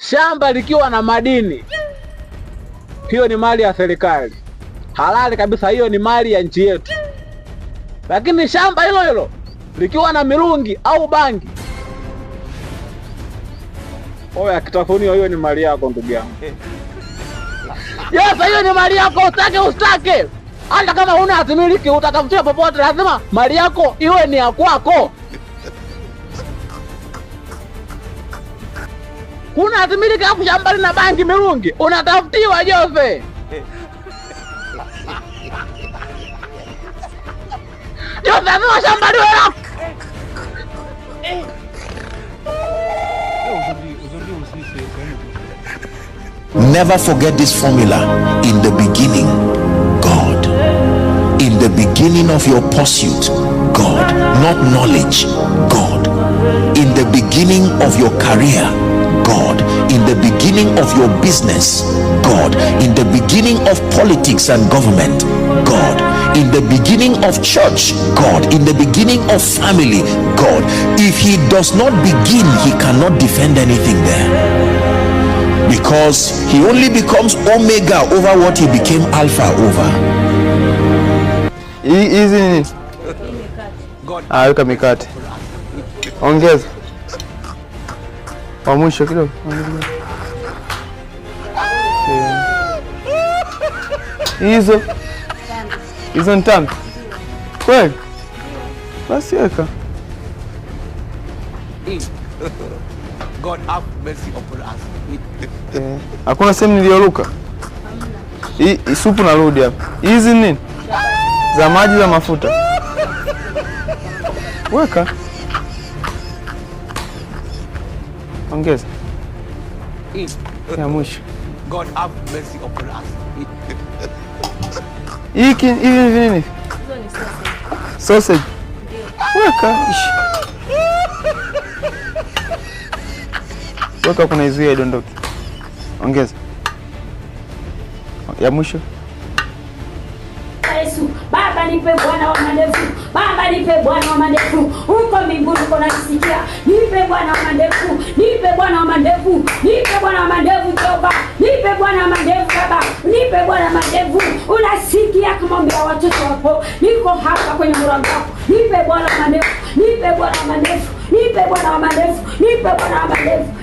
Shamba likiwa na madini, hiyo ni mali ya serikali halali kabisa, hiyo ni mali ya nchi yetu. Lakini shamba hilo hilo likiwa na mirungi au bangi, oya, oh, akitafunio hiyo ni mali yako ndugu yangu. Yes, hiyo ni mali yako, utake usitake. Hata kama huna hatimiliki, utatafutia popote, lazima mali yako iwe ni ya kwako. unatimilika afu shambani na bangi mirungi unatafutiwa aviwa shambani wela Never forget this formula. In the beginning, God. In the beginning of your pursuit, God. Not knowledge, God. In the beginning of your career, God. In the beginning of your business, God. In the beginning of politics and government, God. In the beginning of church, God. In the beginning of family, God. If He does not begin, He cannot defend anything there. Because He only becomes Omega over what He became Alpha over. He is not it. God. Ah, look at me, cut. Ongeza. Wa mwisho kidogo. Hizo hizo ni tambi kweli? Basi weka. Hakuna sehemu niliyoruka. Supu narudi hapa. Hizi nini? Za maji za mafuta. Weka. Ongeza ya mwisho. God have mercy upon us. Hiki hivi hivi nini? Sausage. Weka. Weka kuna izuia idondoke. Ongeza. Ya mwisho. Yesu, Baba nipe Bwana wa madevu. Baba nipe Bwana wa madevu uko mbinguni uko nanisikia. Nipe Bwana wa mandevu, nipe Bwana wa mandevu, nipe Bwana wa mandevu Jehova, nipe Bwana wa mandevu Baba, nipe Bwana wa mandevu. Unasikia kumwambia watoto wako, niko hapa kwenye mlango wako, nipe Bwana wa mandevu, nipe Bwana wa mandevu, nipe Bwana wa mandevu, nipe Bwana wa mandevu